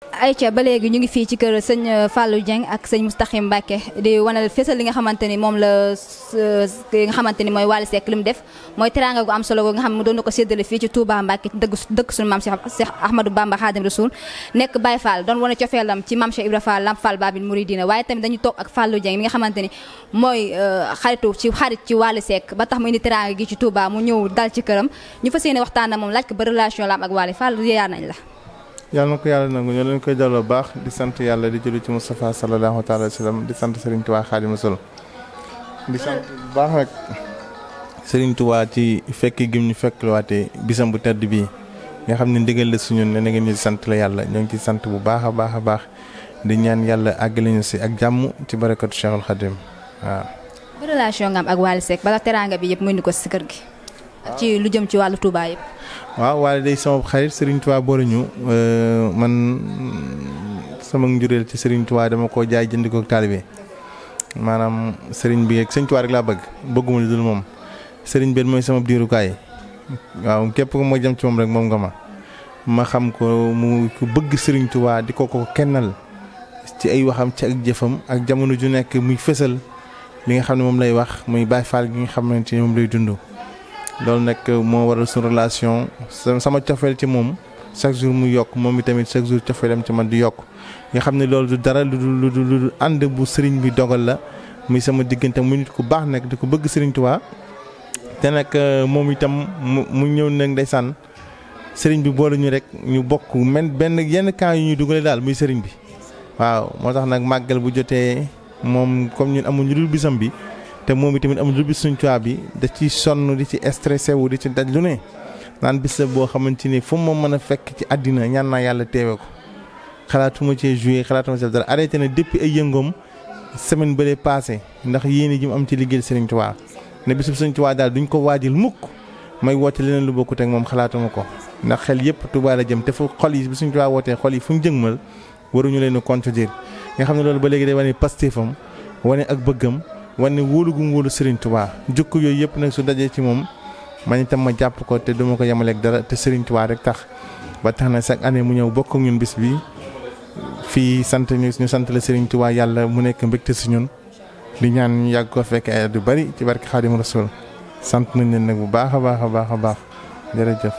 ay Aïcha ba léegi ñu ngi fii ci kër sëñ euh, Fallou Dieng ak sëñ Moustahim Mbacke di wanal fésal li nga xamante ni moom la li euh, nga xamante ni mooy Wally Seck lu mu def mooy teraanga gu am solo gu nga xam ne doon ko séddale fii ci Touba Mbacke dëgg dëkk suñu maam Cheikh Ahmadou Bamba Khadim Rasoul nekk Baye Fall doon wane cofeelam ci maam Cheikh Ibra Fall Lamp Fall Babil Mouridina waaye tamit dañu toog ak Fallou Dieng mi nga xamante ni mooy euh, xaritu ci xarit ci Wally Seck ba tax mu indi teraanga gi ci Touba mu ñëw dal ci këram ñu fa yéene waxtaan ak moom laaj ko ba relation la am ak Wally Fall nañ la yàlla na ko yàlla nangu ñoo leen koy delloo baax di sant yàlla di julli ci Moustapha sallallahu taala wa sallam di sant Serigne Touba Xaadimu bu baax nag Serigne Touba ci fekki gim ñu fekkluwaatee bisam bu tedd bii nga xam ne ndigal la suñu ne na ngeen ñu sant yàlla ñoo ngi ciy sant bu baax baax a baax di ñaan yàlla àggale si ak jàmm ci barakatu Cheikhul Khadim waaw. ba teraanga bi yëpp mënu ko si kër gi. ci lu jëm ci wàllu Touba yëpp. waaw waaye day sama xarit Serigne Touba boruñu euh, man sama njureel ci Serigne tuwaa dama ko jaay jënd ko taalibe maanaam Serigne bi ak Serigne Touba rek laa bëgg bëgguma lu dul moom Serigne bi mooy sama diirukaay waaw képp ma jam ci moom rek moom nga ma ma xam ko mu bëgg sëriñ tuwaa di ko ko kennal ci ay waxam ci ak jëfam ak jamono ju nekk muy fësal li nga xam ne moom lay wax muy Baay Faal gi nga xamante ne moom lay dund. loolu nag moo waral suñu relation sama cofeel ci moom chaque jour muy yokk moom itamit chaque jour cofeelam ci man di yokk nga xam ne loolu du dara lu lu lu ànd bu sëriñ bi dogal la muy sama diggante mu nit ku baax nag di ko bëgg sëriñ Tuubaa te nag euh, moom itam mu ñëw ndey ndeysaan sëriñ bi boole ñu rek ñu bokk men benn yenn camp yu ñuy dugale daal muy sëriñ bi waaw moo tax nag màggal bu jotee moom comme ñun amuñu dul bisam bi. te moom itamit amul lu bis suñ bi da ci sonn di ci stressé wu di ci daj lu ne naan bis boo xamante ni fu ma mën a fekk ci àddina ñaan naa yàlla teewe ko xalaatuma cee joué xalaatuma cee dara arrêté na depuis ay yëngoom semaine bële passé ndax yéene ji mu am ci liggéeyal Serigne Touba ne bisub Serigne Touba daal duñ ko waajal mukk may woote leneen lu bokkut ak moom xalaatuma ko ndax xel yëpp Touba a jëm te fu xol yi bi Serigne Touba wootee xol yi fu mu jëngmal waruñu leen a nga xam ne loolu ba léegi day wane pastéefam wane ak bëggam wane wóolu gu mu wóolu Serigne Touba jukk yooyu yëpp nag su dajee ci moom ma man itam ma jàpp ko te duma ko yemaleeg dara te Serigne Touba rek tax ba tax na chaque année mu ñëw bokk ak ñun bis bi fii sant ñu ñu sant la Serigne Touba yàlla mu nekk mbégte si ñun di ñaan ñu yàgg ko fekk ay at yu bari ci barke Xaadimu Rasuul sant nañ leen nag bu baax a baax a baax a baax jërëjëf.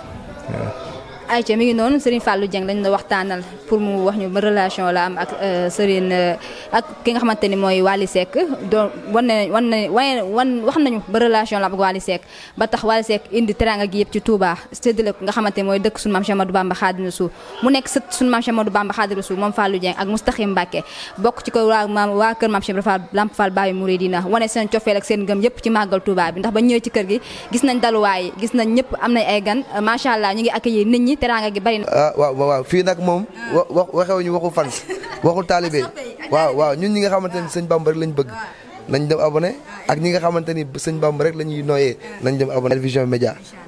ayca mi ngi noonu Serigne Fallou Dieng lañ la waxtaanal pour mu wax ñu relation la am ak euh, Serigne euh, ak ki nga xamante ni mooy Wally Seck doon wan nañ wan nañ wan wax nañu ba relation la am ak Wally Seck ba tax Wally Seck indi teranga gi yëpp ci Touba séddale ko nga xamante ni mooy dëkk sunu maam Cheikh Ahmadou Bamba Khadimu Rasul mu nekk sët sunu Bamba Khadimu Rasul moom Fallou Dieng ak Moustahim Mbacké bokk ci ko waa maam waa kër maam Cheikh Ibra Fall Lamp Fall Baye Mouridina wane seen cofeel ak seen ngëm yëpp ci màggal Touba bi ndax ba ñëwee ci kër gi gis nañ daluwaay gis nañ ñëpp a nañ ay gan macha allah ñu ngi nit ñi fii teraanga gi bari na. Ah, waaw waaw fii nag moom. Ah. wax waxewuñu waxu fans waxu taalibe waaw waaw ñun ñi nga xamante ni ah. sëñ Bamba rek lañ bëgg. nañ dem abonné ak ñi nga xamante ni sëñ Bamba rek la ñuy nooyee nañ dem abonné. Elvision Média.